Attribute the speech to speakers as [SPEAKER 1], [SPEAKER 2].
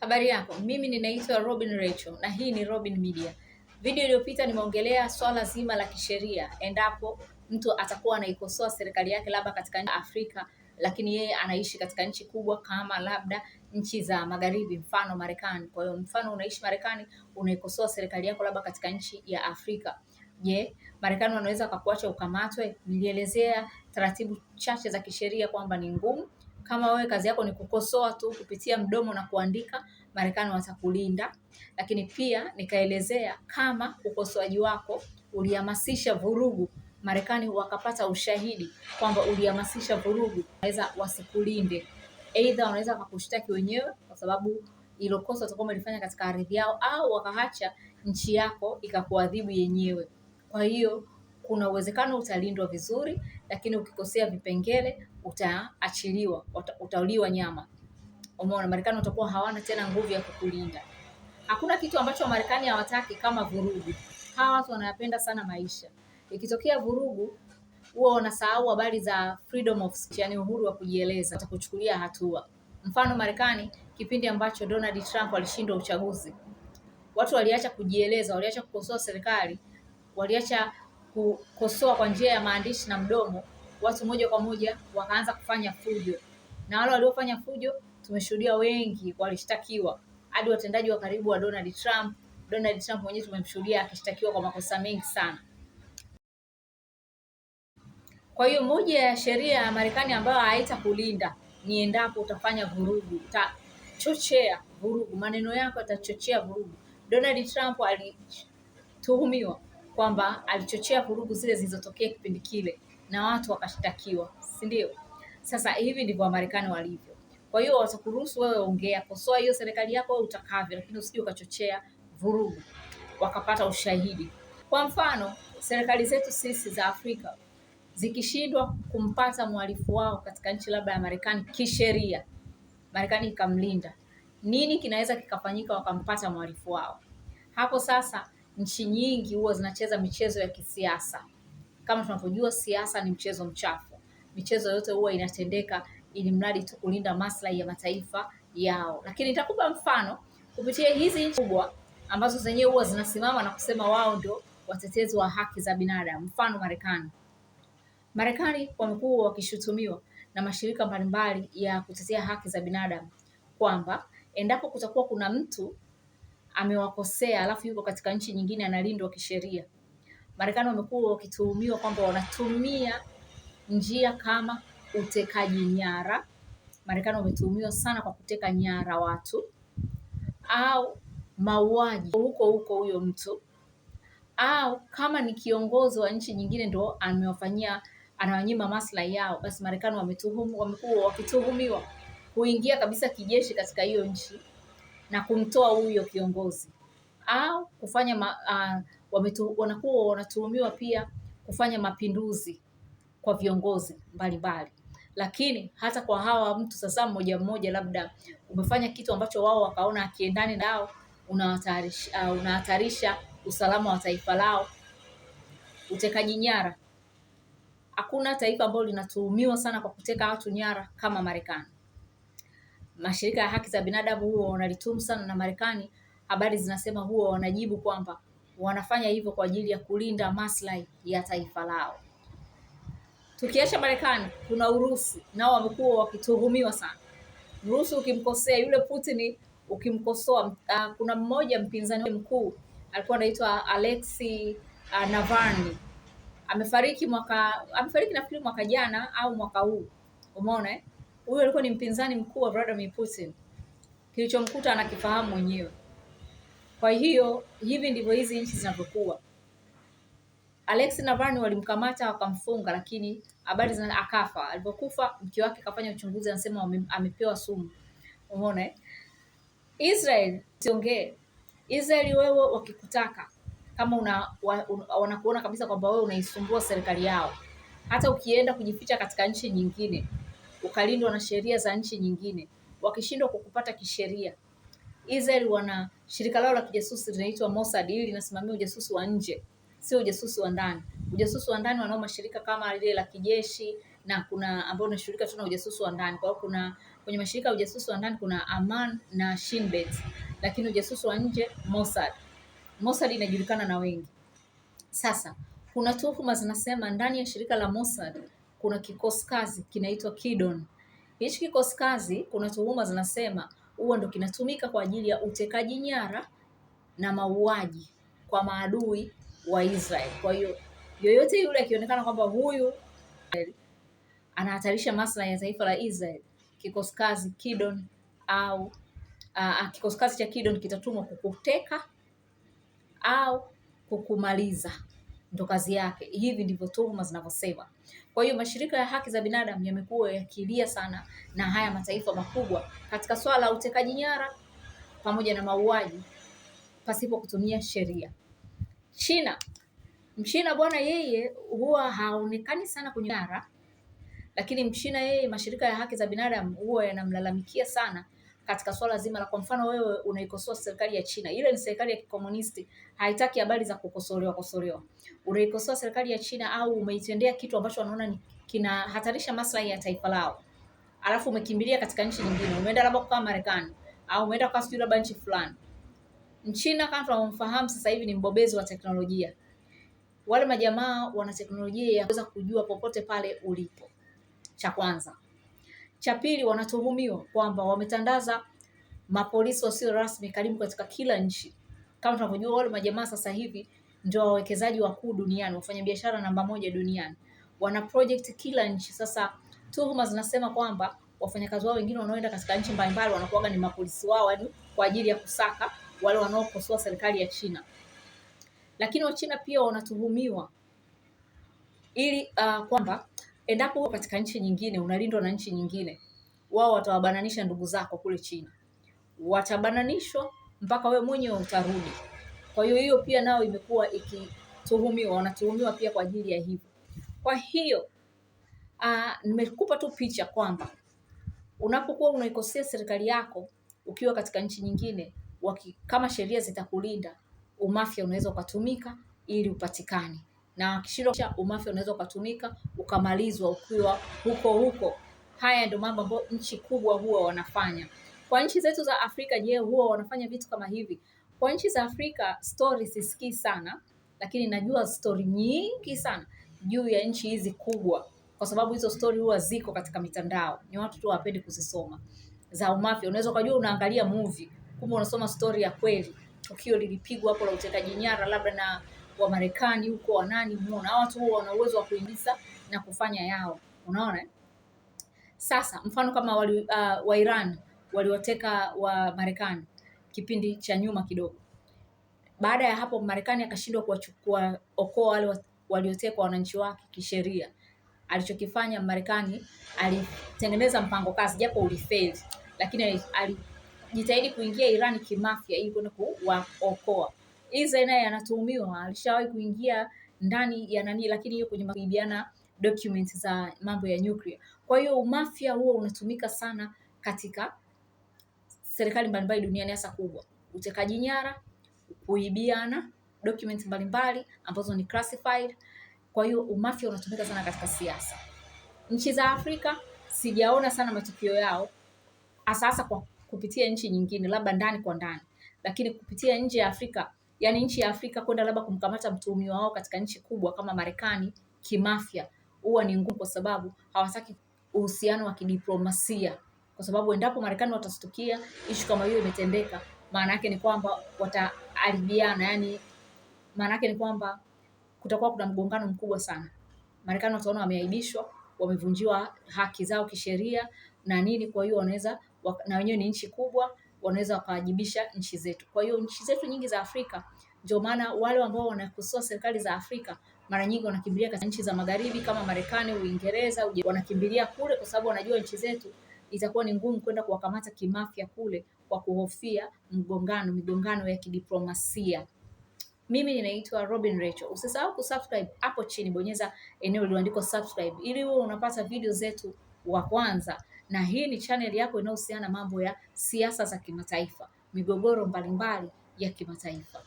[SPEAKER 1] Habari yako, mimi ninaitwa Robin Rachel na hii ni Robin Media. Video iliyopita nimeongelea swala zima la kisheria, endapo mtu atakuwa anaikosoa serikali yake labda katika Afrika, lakini yeye anaishi katika nchi kubwa kama labda nchi za magharibi, mfano Marekani. Kwa hiyo mfano unaishi Marekani, unaikosoa serikali yako labda katika nchi ya Afrika. Je, yeah, Marekani wanaweza wakakuacha ukamatwe? Nilielezea taratibu chache za kisheria kwamba ni ngumu kama wewe kazi yako ni kukosoa tu kupitia mdomo na kuandika, Marekani watakulinda. Lakini pia nikaelezea kama ukosoaji wako ulihamasisha vurugu, Marekani wakapata ushahidi kwamba ulihamasisha vurugu, waweza wasikulinde, aidha wanaweza wakakushtaki wenyewe kwa sababu ilo kosa watakuwa wamelifanya katika ardhi yao, au wakaacha nchi yako ikakuadhibu yenyewe. Kwa hiyo kuna uwezekano utalindwa vizuri, lakini ukikosea vipengele utaachiliwa, utauliwa nyama. Umeona, Marekani watakuwa hawana tena nguvu ya kukulinda. Hakuna kitu ambacho Wamarekani hawataki kama vurugu. Hawa watu wanayapenda sana maisha. Ikitokea vurugu, huwa wanasahau habari za freedom of speech, yani uhuru wa kujieleza. Watakuchukulia hatua. Mfano, Marekani kipindi ambacho Donald Trump alishindwa uchaguzi, watu waliacha kujieleza, waliacha kukosoa serikali, waliacha kukosoa kwa njia ya maandishi na mdomo, watu moja kwa moja wakaanza kufanya fujo, na wale waliofanya fujo tumeshuhudia wengi walishtakiwa, hadi watendaji wa karibu wa Donald Trump. Donald Trump mwenyewe tumemshuhudia akishtakiwa kwa makosa mengi sana. Kwa hiyo moja ya sheria ya Marekani ambayo haitakulinda ni endapo utafanya vurugu, utachochea vurugu, maneno yako yatachochea vurugu. Donald Trump alituhumiwa kwamba alichochea vurugu zile zilizotokea kipindi kile na watu wakashtakiwa, si ndio? Sasa hivi ndivyo Wamarekani walivyo. Kwa hiyo watakuruhusu wewe, ongea, kosoa hiyo serikali yako wewe utakavyo, lakini usije ukachochea vurugu wakapata ushahidi. Kwa mfano, serikali zetu sisi za Afrika zikishindwa kumpata mhalifu wao katika nchi labda ya Marekani kisheria, Marekani ikamlinda, nini kinaweza kikafanyika wakampata mhalifu wao hapo sasa nchi nyingi huwa zinacheza michezo ya kisiasa. Kama tunavyojua siasa ni mchezo mchafu, michezo yote huwa inatendeka ili mradi tu kulinda maslahi ya mataifa yao. Lakini nitakupa mfano kupitia hizi nchi kubwa ambazo zenyewe huwa zinasimama na kusema wao ndio watetezi wa haki za binadamu, mfano Marekani. Marekani wamekuwa wakishutumiwa na mashirika mbalimbali ya kutetea haki za binadamu kwamba endapo kutakuwa kuna mtu amewakosea, alafu yuko katika nchi nyingine analindwa kisheria. Marekani wamekuwa wakituhumiwa kwamba wanatumia njia kama utekaji nyara. Marekani wametuhumiwa sana kwa kuteka nyara watu au mauaji huko huko huyo mtu, au kama ni kiongozi wa nchi nyingine ndo amewafanyia anawanyima maslahi yao, basi Marekani wametuhumu wamekuwa wakituhumiwa kuingia kabisa kijeshi katika hiyo nchi na kumtoa huyo kiongozi au kufanya ma, uh, wametu, wanakuwa wanatuhumiwa pia kufanya mapinduzi kwa viongozi mbalimbali, lakini hata kwa hawa mtu sasa mmoja mmoja, labda umefanya kitu ambacho wao wakaona akiendani nao, unahatarisha uh, unahatarisha usalama wa taifa lao. Utekaji nyara, hakuna taifa ambalo linatuhumiwa sana kwa kuteka watu nyara kama Marekani mashirika ya haki za binadamu huwa wanalitumu sana, na Marekani habari zinasema huwa wanajibu kwamba wanafanya hivyo kwa ajili ya kulinda maslahi ya taifa lao. Tukiacha Marekani, kuna Urusi, nao wamekuwa wakituhumiwa sana. Urusi ukimkosea yule Putin, ukimkosoa uh, kuna mmoja mpinzani mkuu alikuwa anaitwa Alexei uh, Navalny amefariki mwaka amefariki nafikiri mwaka jana au mwaka huu, umeona eh? Huyu alikuwa ni mpinzani mkuu wa Vladimir Putin, kilichomkuta anakifahamu mwenyewe. Kwa hiyo hivi ndivyo hizi nchi zinavyokuwa. Alexei Navalny walimkamata wakamfunga, lakini habari zina akafa. Alipokufa mke wake kafanya uchunguzi, anasema amepewa sumu. Umeona eh? Israel siongee Israel, wewe wakikutaka kama una, wa, un, wanakuona kabisa kwamba wewe unaisumbua serikali yao, hata ukienda kujificha katika nchi nyingine ukalindwa na sheria za nchi nyingine, wakishindwa kukupata kisheria. Israel wana shirika lao la kijasusi linaitwa Mossad, ili linasimamia ujasusi wa nje, sio ujasusi wa ndani. Ujasusi wa ndani wanao mashirika kama lile la kijeshi na kuna ambao unashughulika tu na ujasusi wa ndani. Kwa hiyo kuna kwenye mashirika ya ujasusi wa ndani kuna Aman na Shin Bet, lakini ujasusi wa nje Mossad. Mossad inajulikana na wengi. Sasa kuna tuhuma zinasema ndani ya shirika la Mossad kuna kikosi kazi kinaitwa KIDON. Hichi kikosi kazi, kuna tuhuma zinasema huo ndo kinatumika kwa ajili ya utekaji nyara na mauaji kwa maadui wa Israel. Kwa hiyo yoyote yule akionekana kwamba huyu anahatarisha maslahi ya taifa la Israel, kikosi kazi KIDON au uh, kikosi kazi cha KIDON kitatumwa kukuteka au kukumaliza ndo kazi yake. Hivi ndivyo tuhuma zinavyosema. Kwa hiyo mashirika ya haki za binadamu yamekuwa yakilia sana na haya mataifa makubwa katika swala la utekaji nyara pamoja na mauaji pasipo kutumia sheria. China, mchina bwana, yeye huwa haonekani sana kwenye nyara, lakini mchina yeye, mashirika ya haki za binadamu huwa yanamlalamikia sana katika swala zima la, kwa mfano wewe unaikosoa serikali ya China, ile ni serikali ya kikomunisti, haitaki habari za kukosolewa kosolewa. Unaikosoa serikali ya China au umeitendea kitu ambacho wanaona ni kinahatarisha maslahi ya taifa lao, alafu umekimbilia katika nchi nyingine, umeenda labda kwa Marekani au umeenda kwa sijui labda nchi fulani. Mchina kama tunamfahamu sasa hivi ni mbobezi wa teknolojia. Wale majamaa wana teknolojia ya kuweza kujua popote pale ulipo, cha kwanza. Cha pili, wanatuhumiwa kwamba wametandaza mapolisi wasio rasmi karibu katika kila nchi. Kama tunavyojua wale majamaa sasa hivi ndio wawekezaji wakuu duniani, wafanyabiashara namba moja duniani, wana project kila nchi. Sasa tuhuma zinasema kwamba wafanyakazi wao wengine wanaoenda katika nchi mbalimbali wanakuwaga ni mapolisi wao, yaani kwa ajili ya kusaka wale wanaokosoa serikali ya China. Lakini Wachina pia wanatuhumiwa ili uh, kwamba endapo wewe katika nchi nyingine unalindwa na nchi nyingine, wao watawabananisha ndugu zako kule China, watabananishwa mpaka wewe mwenyewe utarudi. Kwa hiyo hiyo pia nao imekuwa ikituhumiwa, wanatuhumiwa pia kwa ajili ya hivyo. Kwa hiyo ah, nimekupa tu picha kwamba unapokuwa unaikosea serikali yako ukiwa katika nchi nyingine waki, kama sheria zitakulinda, umafia unaweza ukatumika ili upatikane na kishindo cha unaweza ukatumika ukamalizwa ukiwa huko huko. Haya ndio mambo ambayo nchi kubwa huwa wanafanya. Kwa nchi zetu za Afrika, je, huwa wanafanya vitu kama hivi? Kwa nchi za Afrika stori sisikii sana, lakini najua stori nyingi sana juu ya nchi hizi kubwa, kwa sababu hizo stori huwa ziko katika mitandao, ni watu tu hawapendi kuzisoma. Za umafia unaweza ukajua, unaangalia movie, kumbe unasoma stori ya kweli, tukio lilipigwa hapo la utekaji nyara labda na wa Marekani huko wanani nani, hawa watu huwa wana uwezo wa kuingiza na kufanya yao, unaona. Sasa mfano kama wali, uh, wa Iran waliwateka wa Marekani kipindi cha nyuma kidogo. Baada ya hapo, Marekani akashindwa kuwachukua okoa wale waliotekwa wananchi wake kisheria. Alichokifanya Marekani, alitengeneza mpango kazi, japo ulifeli, lakini alijitahidi kuingia Iran kimafia ili kwenda kuwaokoa Eze naye anatuhumiwa alishawahi kuingia ndani ya nani, lakini yuko kwenye kuibiana documents za mambo ya nuclear. Kwa hiyo umafia huo unatumika sana katika serikali mbalimbali duniani, hasa kubwa, utekaji nyara, kuibiana documents mbalimbali ambazo ni classified. Kwa hiyo umafia unatumika sana katika siasa. Nchi za Afrika sijaona sana matukio yao, hasa hasa kwa kupitia nchi nyingine, labda ndani kwa ndani, lakini kupitia nje ya Afrika yani nchi ya Afrika kwenda labda kumkamata mtuhumiwa wao katika nchi kubwa kama Marekani kimafya huwa ni ngumu, kwa sababu hawataki uhusiano wa kidiplomasia, kwa sababu endapo Marekani watastukia ishu kama hiyo imetendeka, maana yake ni kwamba wataaribiana, yani maana yake ni kwamba kutakuwa kuna mgongano mkubwa sana. Marekani wataona wameaibishwa, wamevunjiwa haki zao kisheria na nini, kwa hiyo wanaweza na wenyewe ni nchi kubwa wanaweza wakawajibisha nchi zetu. Kwa hiyo nchi zetu nyingi za Afrika, ndio maana wale ambao wanakosoa serikali za Afrika mara nyingi wanakimbilia katika nchi za magharibi kama Marekani, Uingereza, wanakimbilia kule kwa sababu wanajua nchi zetu itakuwa ni ngumu kwenda kuwakamata kimafya kule kwa kuhofia mgongano, migongano ya kidiplomasia. Mimi ninaitwa Robin Rachel. Usisahau kusubscribe hapo chini, bonyeza eneo lililoandikwa subscribe ili uwe unapata video zetu wa kwanza, na hii ni chaneli yako inayohusiana mambo ya siasa za kimataifa, migogoro mbalimbali ya kimataifa.